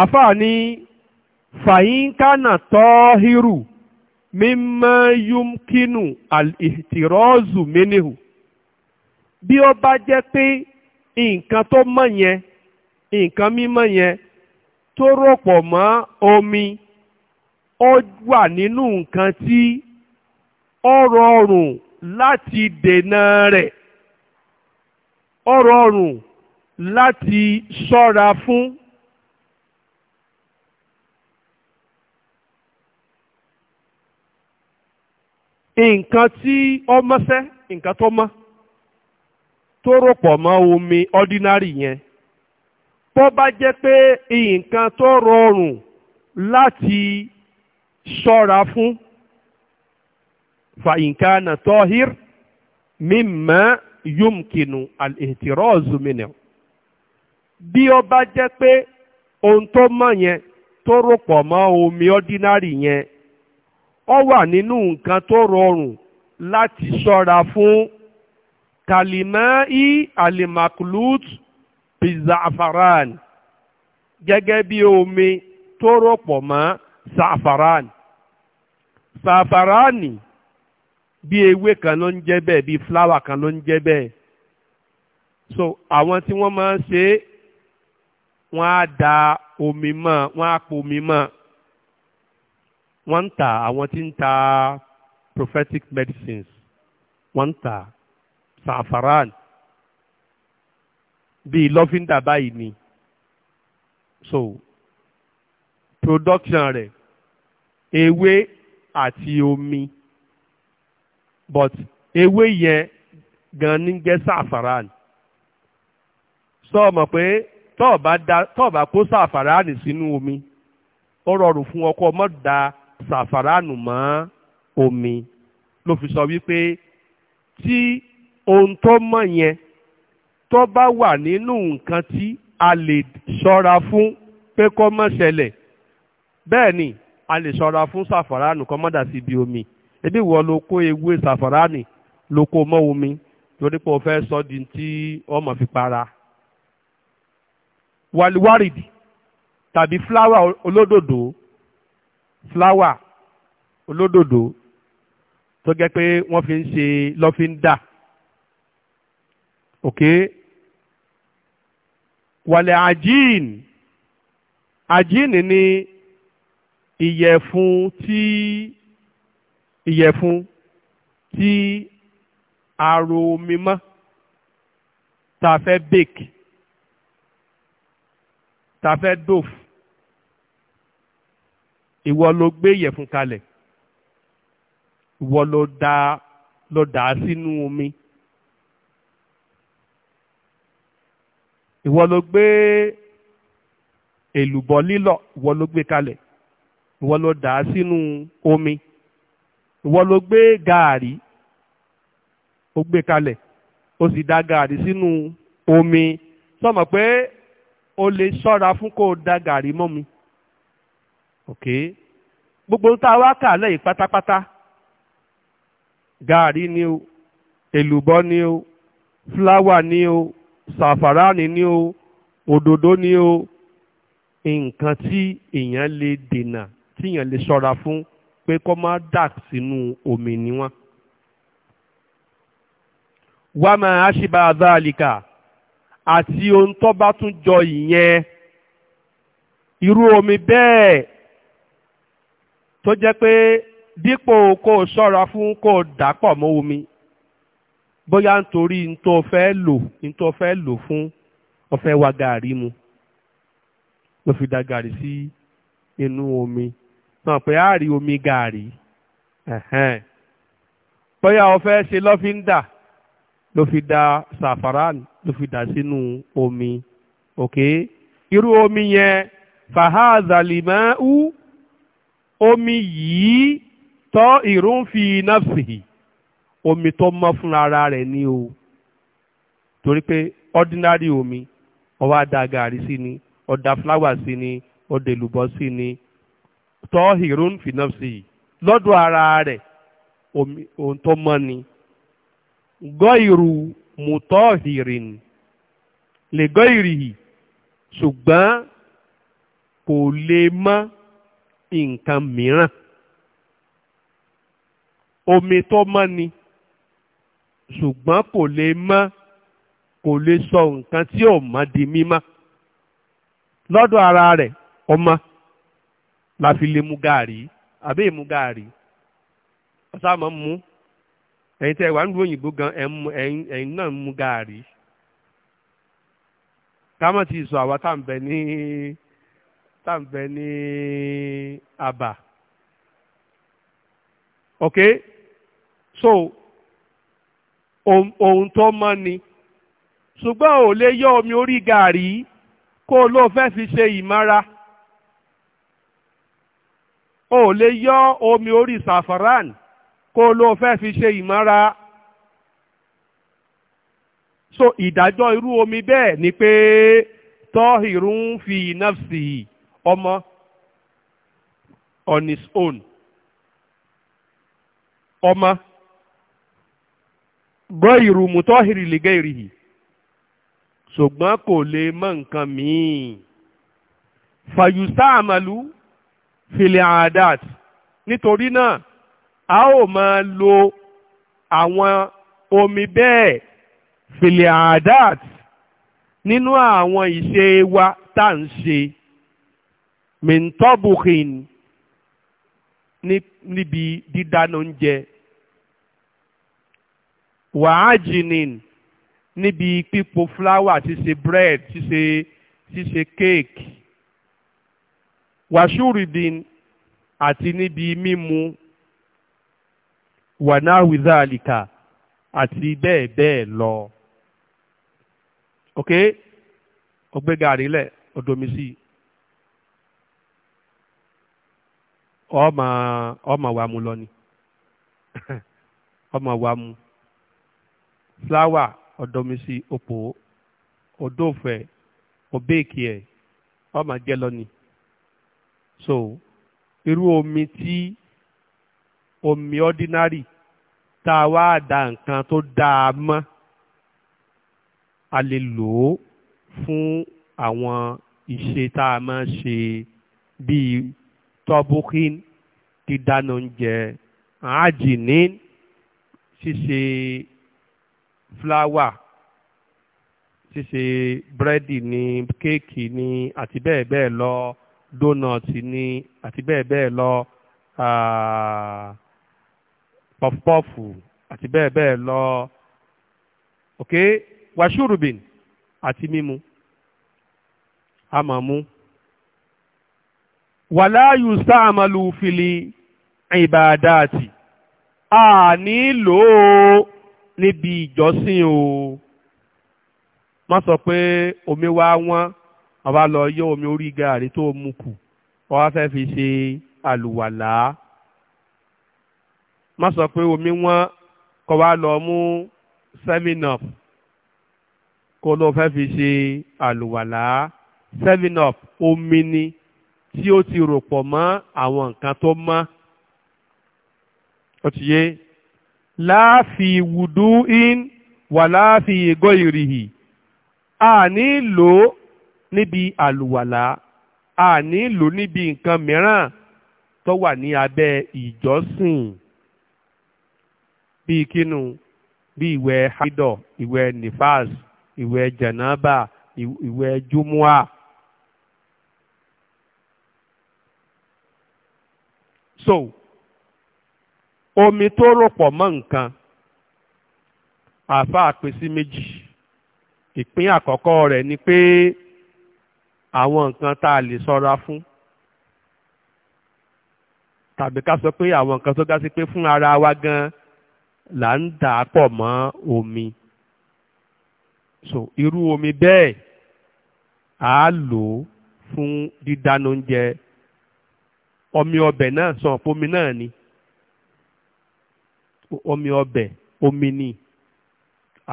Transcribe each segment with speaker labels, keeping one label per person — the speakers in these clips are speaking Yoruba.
Speaker 1: àfáà ní fàyínkánà tọ́hírù mímọ́ yúmkínú àìtìrọ́ọ̀zù mínihù bí ó bá jẹ́ pé nǹkan tó nkan yẹn nǹkan mímọ́ yẹn tó rọ̀pọ̀ mọ́ omi ó wà nínú nǹkan tí ó rọrùn láti dènà rẹ̀ ó rọrùn láti ṣọ́ra fún. nǹkan tí ọ mọ́sẹ́ nǹkan tó mọ́ tó rọ̀pọ̀ mọ́ omi ordinary yẹn bó bá jẹ́ pé nǹkan tó rọrùn láti ṣọ́ra fún fa nǹkan náà tọ́hír mímọ́ yumkinu al-ihtirazu minhu bí ó bá jẹ́ pé ohun tó mọ̀ yẹn tó rọ̀pọ̀ mọ́ omi ordinary yẹn ó wà nínú nǹkan tó rọrùn láti ṣọ́ra fún kalimai alimaklut bizafaran gẹ́gẹ́ bí omi tó rọ̀pọ̀ mọ́ safaran safarani bí ewé kan ló ń jẹ́ bẹ́ẹ̀ bí fúláwà kan ló ń jẹ́ bẹ́ẹ̀ so àwọn tí wọ́n máa ń ṣe wọ́n á da omi mọ́ wọ́n á po omi mọ́ wọ́n ń ta àwọn tí ń ta prophetic medicines wọ́n ń ta safaran bíi lọ́fíńdà báyìí ni so production rẹ̀ ewé àti omi but ewé yẹn gan ní jẹ́ safaran sọ so, mọ̀ pé tọ́ọ̀bá kó safaran sínú omi ó rọrùn fún ọkọ mọ́ da sàfàránù mọ́ omi ló fi sọ wípé tí ohun tó mọ̀ yẹn tó bá wà nínú nǹkan tí a lè ṣọ́ra fún pé kó mọ́ ṣẹlẹ̀ bẹ́ẹ̀ ni a lè ṣọ́ra fún sàfàránù kó mọ́ sí ibi omi ebi wọ́n ló kó ewé sàfàránù ló kó mọ́ omi torí pé o fẹ́ sọ di tí ọmọ fi para wàlúwárìdì tàbí fúláwà olódòdó Flower, olódòdó tó jẹ́ pé wọ́n fi ń ṣe lọ́fíńdà òkè wàlẹ̀ àjíìn àjíìn ni ìyẹ̀fun tí ìyẹ̀fun tí aro omi mọ́ tá a fẹ́ bake tá a fẹ́ dough ìwọ ló gbé ìyẹ̀fun kalẹ̀ ìwọ ló dà ló dà sínú omi ìwọ ló gbé èlùbọ́ lílọ̀ ìwọ ló gbé kalẹ̀ ìwọ ló dà sínú omi ìwọ ló gbé gàárì ó gbé kalẹ̀ ó sì dà gàárì sínú omi sọmọ pé o lè ṣọ́ra fún kó o dà gàárì mọ́ mi ok gbogbo tá a wá kà lẹ́yìn pátápátá gààrí ni o èlùbọ́ ni o fúláwà ni o sàfàránì ni o òdòdó ni o nǹkan tí èèyàn lè dènà tí èèyàn lè ṣọ́ra fún pé kó má dà sínú omi ni wọ́n. wá máa ṣíba àdáàlìkà àti ohun tó bá tún jọ ìyẹn irú omi bẹ́ẹ̀ tó jẹ́ pé dípò kó o ṣọ́ra fún kó o dàpọ̀ mọ́ omi bóyá nítorí nítorí o fẹ́ lò nítorí o fẹ́ lò fún o fẹ́ wá gààrí mu ló fi da gààrí sí inú omi náà pé a rí omi gààrí bóyá o fẹ́ ṣe lọ́fíńdà ló fi da safaran ló fi dà sínú omi òkè irú omi yẹn fàházàlìmọ́ ú omi yìí tọ́ ìrún fi nafsihi omi tó mọ́ fún ara rẹ̀ ni o torí pé ordinary omi ó wá da gàrí sí ni ó da fúláwà sí ni ó da èlùbọ́ sí ni tọ́ ìrún fi nafsihi lọ́dọ̀ ara rẹ̀ omi ohun tó mọ́ ni gọ́ ìrù mùtọ́ ìrìn lè gọ́ ìrì ṣùgbọ́n kò lè mọ́ nǹkan mìíràn omi tó mọ́ ni ṣùgbọ́n kò lè mọ́ kò lè sọ nǹkan tí ò mọ́ di mímọ́ lọ́dọ̀ ara rẹ̀ ọmọ la fi lè mu gaàrí àbí èmu gaàrí ọ̀sá máa ń ẹ̀yin tẹ́ ẹ wà ń lu òyìnbó gan ẹ̀yin náà ń mu gaàrí ká má ti sọ àwa tá à ń bẹ ní tá ń bẹ ní àbà ok so ohun tó mọ́ ni ṣùgbọ́n ò lè yọ omi orí gàrí kó o ló fẹ́ fi ṣe ìmára ò lè yọ omi orí safaran kó o ló fẹ́ fi ṣe ìmára so ìdájọ́ irú omi bẹ́ẹ̀ ni pé tọ́hìrún fi nafsihi ọmọ on his own ọmọ gbọ́ ìrùmù tọ́hìrì lìgẹ́ ìrìhì ṣùgbọ́n kò lè mọ nǹkan míì fàyùsá àmàlú filẹ̀ àdáàt nítorí náà a ó máa lo àwọn omi bẹ́ẹ̀ filẹ̀ àdáàt nínú àwọn ìṣe wa tá à ń ṣe mintọ́bùkìn níbi dídáná oúnjẹ wàájìnìn níbi pípo fúláwà ṣíṣe bread ṣíṣe ṣíṣe cake wàṣúrìbìn àti níbi mímu wànáwìzá àlìkà àti bẹ́ẹ̀ bẹ́ẹ̀ lọ. ok ọgbẹ́gàrí lẹ̀ ọdọ̀mísì. ọmọ ọmọ wa mu lọ ni ọmọ wa mu fúláwà ọ̀dọ́mísì òpó òdòfẹ́ òbéèkì ẹ̀ ọmọ jẹ́ lọ so irú omi tí omi ordinary tá a wá da nǹkan tó dáa mọ́ a lè lò ó fún àwọn iṣẹ́ tá a máa ṣe bíi tọ́bùkín dídánù oúnjẹ ajinin ṣíṣe fúláwà ṣíṣe búrẹ́dì ní kéèkì ní àti bẹ́ẹ̀ bẹ́ẹ̀ lọ dónọ̀tì ní àti bẹ́ẹ̀ bẹ́ẹ̀ lọ pọfupọ́fù àti bẹ́ẹ̀ bẹ́ẹ̀ lọ ok wàṣúrùbìn àti mímu àmọ̀mú wàláyù sáàmàlù fìlì ìbàdàtì a nílò ó níbi ìjọsìn o má sọ pé omi wá wọ́n àwa lọ yọ omi orí gààrí tó mu kù wọ́n wá fẹ́ fi ṣe àlùwàlá má sọ pé omi wọ́n kọ́ wá lọ mú seminop kó ló fẹ́ fi ṣe àlùwàlá seminop omi ni tí ó ti rò pọ̀ mọ́ àwọn nǹkan tó mọ́ ó ti yé láàfi wùdú in wà láàfi ìgọ́ ìrìhì a ní lò ó níbi àlùwàlá a ní lò ó níbi nǹkan mìíràn tó wà ní abẹ́ ìjọsìn bíi kínú bíi ìwẹ̀ haidọ̀ ìwẹ̀ nifas ìwẹ̀ janaba ìwẹ̀ jumuah so omi tó rò mọ́ nǹkan àáfàá pín méjì ìpín àkọ́kọ́ rẹ̀ ni pé àwọn nǹkan tá a lè ṣọ́ra fún tàbí ká sọ pé àwọn nǹkan tó ga sí pé fún ara wa gan là ń dà á pọ̀ mọ́ omi so irú omi bẹ́ẹ̀ á lò ó fún dídáná oúnjẹ omi ọbẹ̀ náà sàn pomi náà ni omi ọbẹ̀ omi ni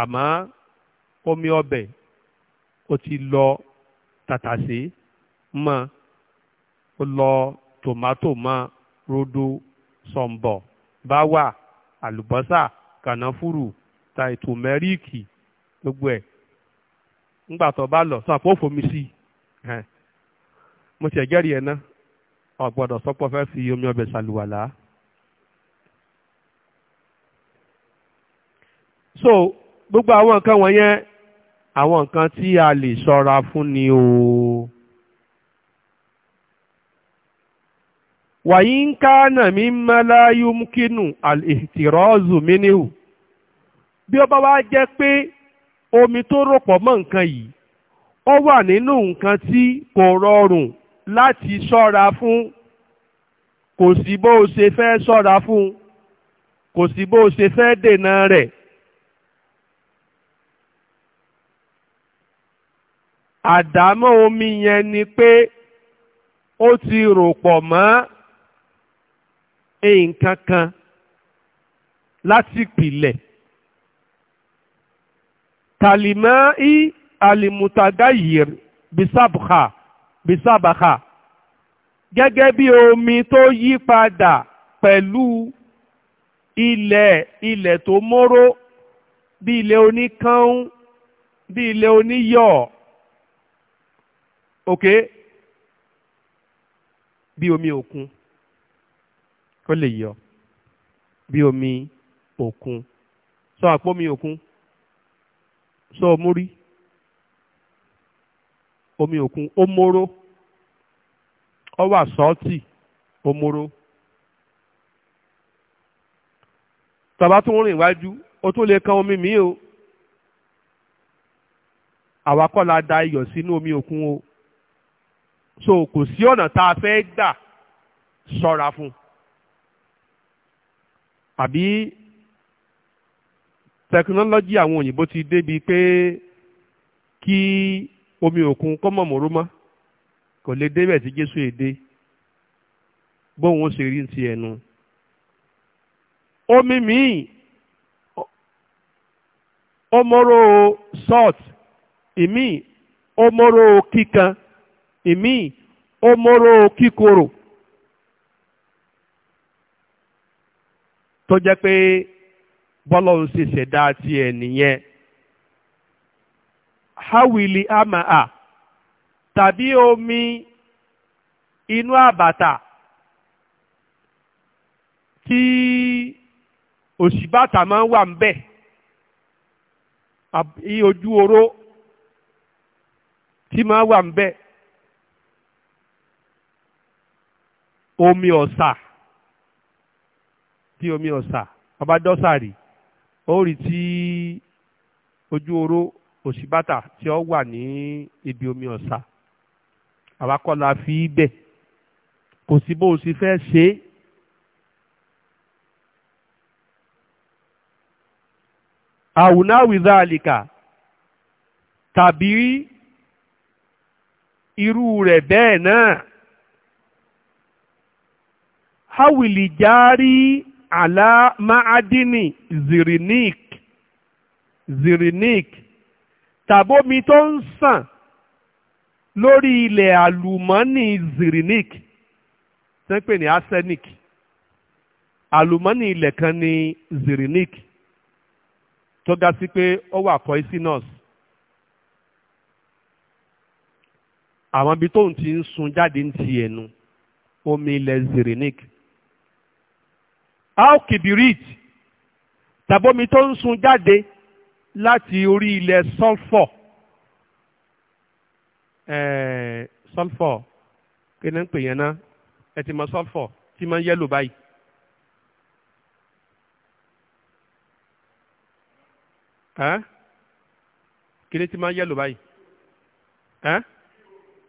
Speaker 1: àmọ́ omi ọbẹ̀ ó ti lọ tàtàṣé mọ́ ó lọ tòmátò mọ́ rodo sọ̀m̀bọ̀ báwà àlùbọ́sà kànáfùrù tàìtòmẹ́ríìkì gbogbo ẹ̀ ńgbà tó bá lọ sàn fún òfòmí sí i mo ṣẹ̀jẹ̀rì ẹ̀ náà ọ̀gbọ́dọ̀ sọ́pọ̀ fẹ́ fi omi ọbẹ̀ ṣàlùwàlá. so gbogbo àwọn nǹkan wọ̀nyẹn àwọn nǹkan tí a lè ṣọ́ra fún ni o. wàyí ń ká nà mí mẹ́láyú kínú àìtìrọ́ọ̀zù mi níhù bí ó bá wá jẹ́ pé omi tó rò mọ́ nǹkan yìí ó wà nínú nǹkan tí kò rọrùn láti ṣọ́ra fún kò sí bó o ṣe fẹ́ ṣọ́ra fún kò sí bó o ṣe fẹ́ dènà rẹ̀. àdámọ́ omi yẹn ni pé ó ti rò pọ̀ mọ́ nǹkan kan láti pìlẹ̀ kalimai alimutagayir bisabha bisabaka gẹ́gẹ́ bí omi tó yí padà pẹ̀lú ilẹ̀ ilẹ̀ tó móró bí ilẹ̀ oníkán bí ilẹ̀ oníyọ̀ ok bí omi òkun kó lè yọ bí omi òkun sọ àpò omi òkun sọ mórí. So, omi òkun ó móró ó wà sọ́ọ̀tì ó móró tàbá tó ń rìn iwájú ó tún lè kan omi míì o àwa kọ́ la da iyọ̀ sínú omi òkun o so kò sí ọ̀nà tá a fẹ́ gbà ṣọ́ra fún àbí tẹkinọ́lọ́jì àwọn òyìnbó ti débi pé kí omi òkun kọ́mọ̀ mòró mọ́ kò lè débẹ̀ tí Jésù èdè bóun ó rí ti ẹnu omi míì omoro salt ìmí omoro kíkan ìmí omoro kíkorò tó jẹ́ pé bọ́lọ́run ṣe ṣẹ̀dá tiẹ̀ nìyẹn. hawili amaa tàbí omi inú àbàtà tí òṣìbàtà máa ń wà ń bẹ̀ àbí ojú oró tí máa wà ń bẹ̀ omi ọ̀sà tí omi ọ̀sà ọba dọ́sà rí ó rí tí ojú oró kò sí bàtà tí ó wà ní ibi omi ọ̀sà àwa kọ́ la fi í bẹ̀ kò sí bó o sì fẹ́ ṣe é. àwùnáwì záàlìkà tàbí irú rẹ̀ bẹ́ẹ̀ náà hawili jaari ala ma'adini zirinik zirinik tàbómi tó ń sàn lórí ilẹ̀ àlùmọ́nì zirinic tó ń pè ní arsenic àlùmọ́nì ilẹ̀ kan ní zirinic tó ga sí pé ó wà poisonous àwọn ibi tóun ti ń sun jáde ń ti ẹnu omi ilẹ̀ zirinic alkibirit tàbómi tó ń sun jáde láti orí ilẹ̀ sulfur eh, sulfur kí ni ń pè yẹn náà ẹ ti mọ sulfur tí máa ń yẹ́lò báyìí. ẹ́ kí ni tí máa ń yẹ́lò báyìí. ẹ́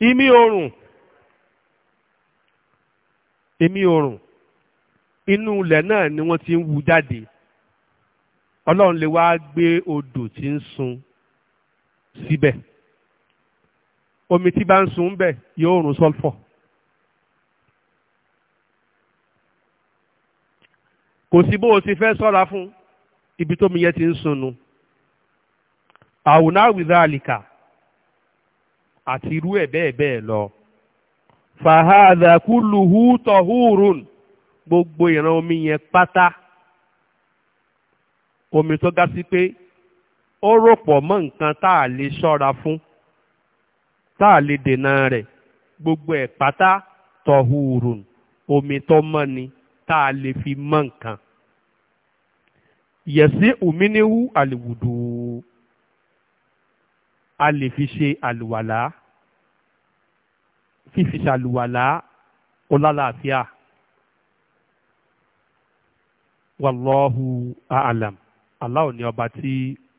Speaker 1: imí oòrùn imí oòrùn inú ilẹ̀ náà ni wọ́n ti ń wú jáde ọlọ́run lè wá gbé odò tí ń sun síbẹ̀ omi tí bá ń sun bẹ̀ yóò rùn sọ́lfọ̀ kò sí bó o ti fẹ́ sọ́ra fún ibi tómi yẹn ti ń sunnu àwùná àwìdá àlìkà àti irú ẹ̀ bẹ́ẹ̀ bẹ́ẹ̀ lọ fàhádà kúlùhù tọ̀húrùn gbogbo ìran omi yẹn pátá omi tó ga sí pé ó ròpọ̀ mọ́ nǹkan tá a lè ṣọ́ra fún tá a lè dènà rẹ̀ gbogbo ẹ̀ pátá tọ̀húrùn omi tó mọ́ ni tá a lè fi mọ́ nǹkan. yẹ̀sí òmìnirú àlùwùdù a lè fi ṣe àlùwàlá fífi ṣàlùwàlá ọlálàáfíà wàlọ́hù àlàm. Allah ni ọba tí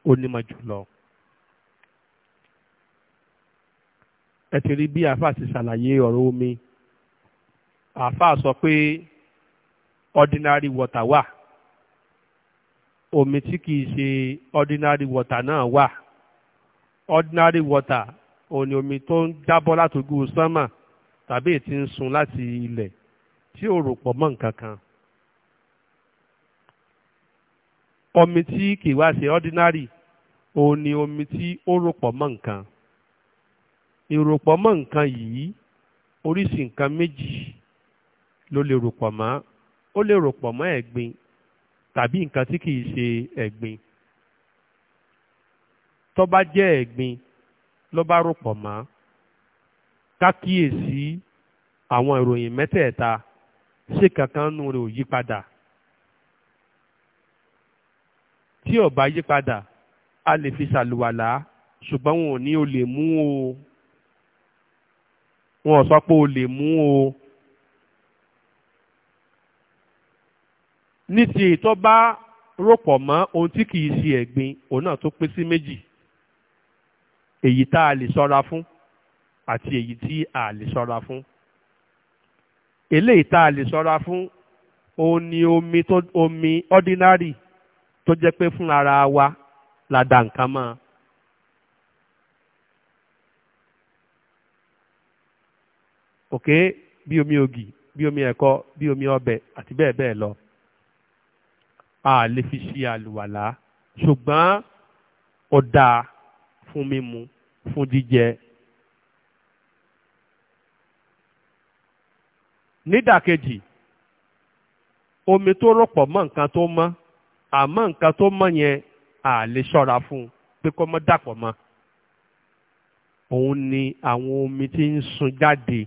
Speaker 1: ó nímọ̀ jùlọ. ẹ ti rí bí àáfà ti ṣàlàyé ọ̀rọ̀ omi àáfà sọ pé ordinary water wà omi tí kìí ṣe ordinary water náà wà ordinary water òun ni omi tó ń jábọ́ látòjú sánmà tàbí èyí n ń sun láti ilẹ̀ tí ò rò pọ̀ mọ́ nǹkan kan omi tí kì í wá ṣe ordinary òun ni omi tí ó ròpọ̀ mọ́ nǹkan ìròpọ̀ mọ́ nǹkan yìí oríṣi nǹkan méjì ló lè ròpọ̀ mọ́ ó lè ròpọ̀ mọ́ ẹ̀gbin tàbí nǹkan tí kìí ṣe ẹ̀gbin tó bá jẹ́ ẹ̀gbin ló bá ròpọ̀ mọ́ kákíyèsí àwọn ìròyìn mẹ́tẹ̀ẹ̀ta ṣé kankan nù rẹ̀ ò yí padà tí ò yí padà a lè fi ṣàlùwàlá ṣùgbọ́n wọn ò ní o lè mú o wọn ò sọ pé o lè mú o. ní ti ètò bá rọ̀pọ̀ mọ́ ohun tí kìí ṣe ẹ̀gbin òun náà tó pín sí méjì èyí tá a lè ṣọ́ra fún àti èyí tí a lè ṣọ́ra fún eléyìí tá a lè ṣọ́ra fún òun ni omi tó omi ordinary tó jẹ́ pé fún ara wa la dà nǹkan mọ́ ọ. òkè bí omi ògì bí omi ẹ̀kọ bí omi ọbẹ̀ àti bẹ́ẹ̀ bẹ́ẹ̀ lọ a lè fi ṣe àlùwàlá ṣùgbọ́n ó dáa fún mímu fún jíjẹ. nídàkejì omi tó rọ̀pọ̀ mọ́ nǹkan tó mọ́ àmọ́ nǹkan tó mọ̀ yẹn à lè ṣọ́ra fún un pé kó mọ́ dàpọ̀ mọ́ òun ni àwọn omi tí ń sun jáde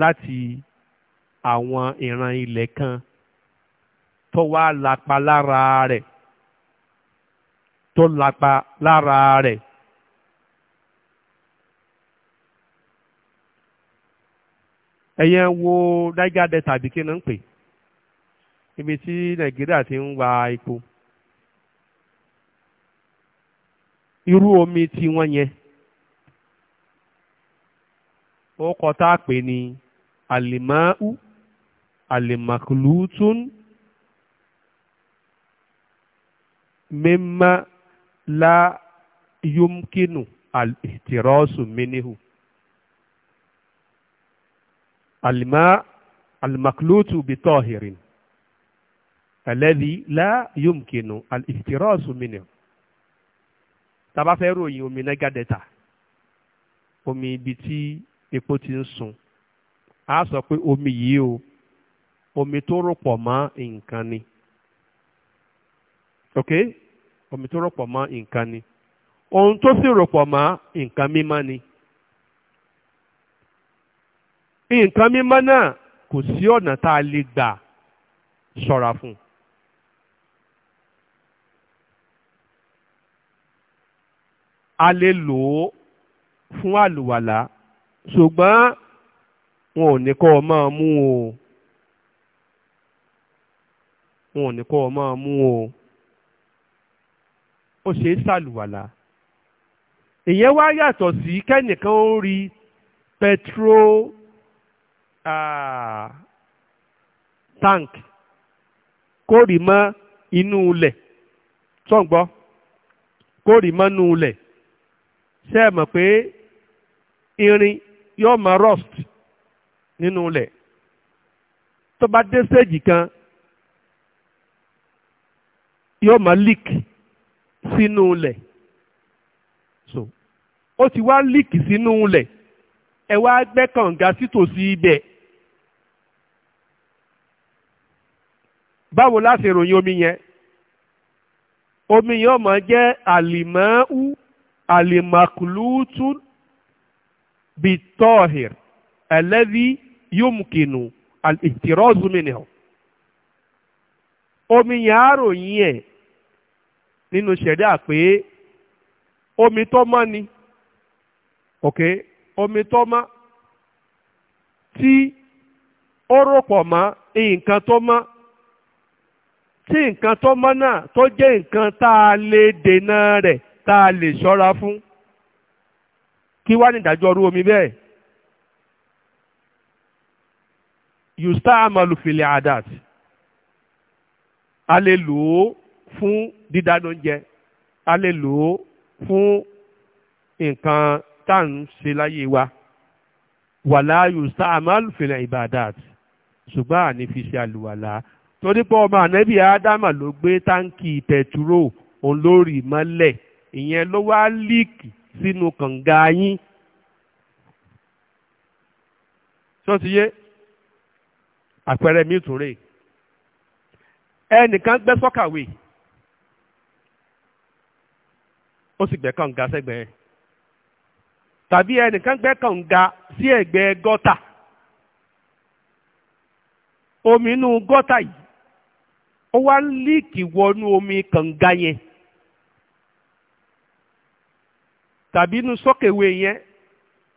Speaker 1: láti àwọn ìran ilẹ̀ kan tó wá lapa lára rẹ̀ tó lapa lára rẹ̀. ẹ̀yẹn wo Niger tàbí kí ni ń pè é ibi tí nàìjíríà ti ń wa epo irú omi tí wọ́n yẹn ó kọ tá ní alimau alimakulutun mema la yumkinu al-ihtirosu minihu alima alimakulutu bitohirin alẹ́bí láyọ̀mùkìnù ìfìtìrọ́ọ̀sù mìíràn tàbá fẹ́ ròyìn omi nẹ́gàdẹ́ta omi ibi tí epo ti ń sun a sọ pé omi yìí o omi tó rò pọ̀ mọ́ nǹkan ni ok omi tó rò pọ̀ mọ́ nǹkan ni ohun tó sì rò pọ̀ mọ́ nǹkan mímọ́ ni nǹkan mímọ́ náà kò sí ọ̀nà tá a lè gbà ṣọ́ra fún un. a lè lò ó fún àlùwàlà ṣùgbọ́n wọn ò ní kọ́ ọ máa mú o wọn ò ní kọ́ ọ máa mú o ó ṣe é ṣàlùwàlà ìyẹn wá yàtọ̀ sí kẹ́nìkan ó rí petro tank kó rí mọ́ inú ilẹ̀ tó ń kó rí mọ́ inú ilẹ̀ ṣe é mọ̀ pé irin yóò máa rust nínú ilẹ̀ tó bá dé stage kan yóò máa leak sínú ilẹ̀ so ó ti wá leak sínú ilẹ̀ ẹ wá gbẹ́ kànga sítòsí ibẹ̀ báwo la ṣe ròyìn omi yẹn omi yẹn ó máa jẹ́ àlìmọ́ọ́ú alimakulutu bitọ́hìr ẹlẹ́dí yomkinu ìtìrọ́zùmínìhàn omi yẹn àròyìn ẹ̀ nínú ṣẹ̀dá pé omi tó mọ́ ni ok omi tó mọ́ tí ó rọ̀pọ̀ mọ́ nǹkan tó mọ́ tí nǹkan tó mọ́ náà tó tá a lè ṣọ́ra fún kí wá ní ìdájọ́ ọrú omi bẹ́ẹ̀ yusta amalufili adat a lè lò ó fún dídáná oúnjẹ a lè lò ó fún nǹkan tá à ń ṣe láyé wa wàlá yusta amalufili ibadat ṣùgbọ́n àní fi ṣe àlùwàlá torí pé ọmọ ànábì ádámà ló gbé táǹkì pẹ̀túrò òun lórí mọ́lẹ̀ ìyẹn ló wá líìkì sínú kànga yín tó ti yé àpẹẹrẹ mi tún rè ẹnìkan gbẹ́ sọ́kàwé ó sì gbẹ́ kànga sẹ́gbẹ̀ẹ́ tàbí ẹnìkan gbẹ́ kànga sí ẹ̀gbẹ́ gọ́tà omi inú gọ́tà yìí ó wá líìkì wọnú omi kànga yẹn tàbí inú sọ́kèwé yẹn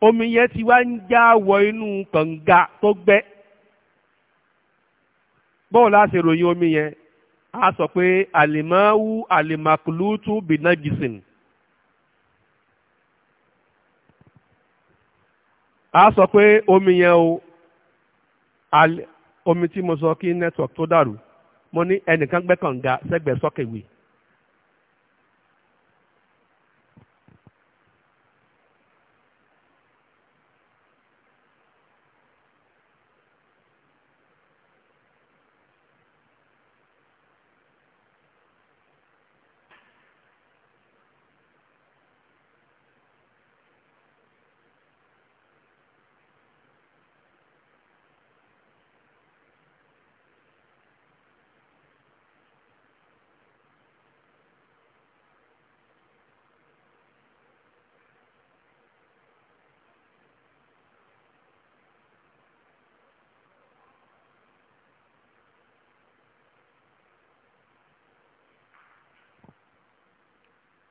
Speaker 1: omi yẹn ti wá ń já wọ inú kànga tó gbẹ́ bọ́ọ̀ láti ròyìn omi yẹn a sọ pé àlìmáwú àlìmàkùlùtù bìnájìsìn a sọ pé omi yẹn o omi tí mo sọ kí network tó dàrú mo ní ẹnìkan gbẹ́ kànga sẹ́gbẹ̀ẹ́ sọ́kèwé. So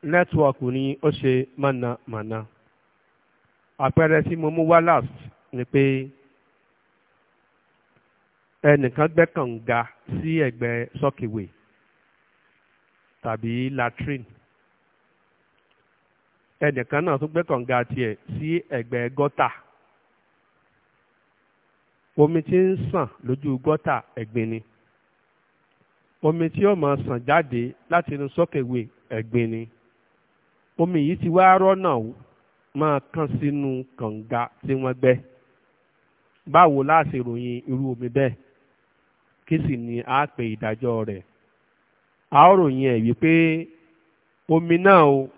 Speaker 1: nẹ́tíwọ̀kù ni ó ṣe mọ̀nàmọ̀nà àpẹẹrẹ tí mo mú wá last ni pé ẹnìkan gbẹ́ kànga sí ẹ̀gbẹ́ sọ́kìwé tàbí latrine ẹnìkan náà tún gbẹ́ kànga tiẹ̀ sí ẹ̀gbẹ́ gọ́tà omi tí ń sàn lójú gọ́tà ẹ̀gbin ni omi tí ó máa sàn jáde láti inú sọ́kìwé ẹ̀gbin ni omi yìí ti wá rọ́nà máa kán sínú kànga tí wọ́n gbẹ́ báwo la ròyìn irú omi bẹ́ẹ̀ kí sì ni a pè ìdájọ́ rẹ̀ a ó ròyìn ẹ̀ wípé omi náà o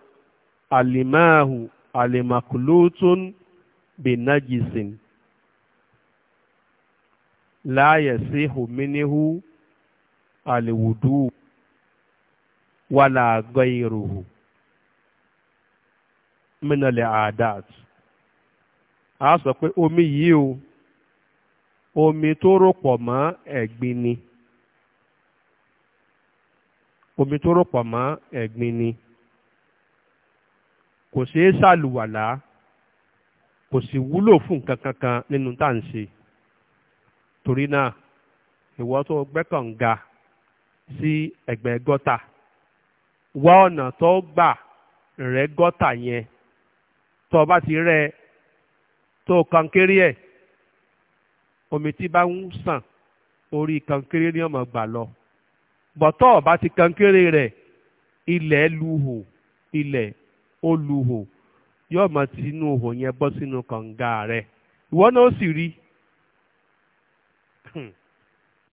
Speaker 1: alimahu alimakulutun binajisin láàyè sí hominihu aliwudu wàlàgọ́ ìròhùn mínàlẹ̀ àdáàt a sọ pé omi yìí o omi tó rọ̀pọ̀ mọ́ ẹ̀gbin ni omi tó rọ̀pọ̀ mọ́ ẹ̀gbin ni kò ṣeé ṣàlùwàlá kò sì wúlò fún nǹkan kankan nínú tá à ń ṣe torí náà ìwọ tó gbẹ́kànga sí ẹ̀gbẹ́ gọ́tà wá ọ̀nà tó gbà rẹ́ gọ́tà yẹn tó o bá ti rẹ tó o kankéré ẹ̀ omi tí bá ń sàn orí kankéré ní ọmọ gbà lọ bọ̀tọ́ ọba ti kankéré rẹ̀ ilẹ̀ luhò ilẹ̀ ó luhò yóò mọ̀ tí inú yẹn bọ́ sínú kànga rẹ̀ ìwọ náà sì rí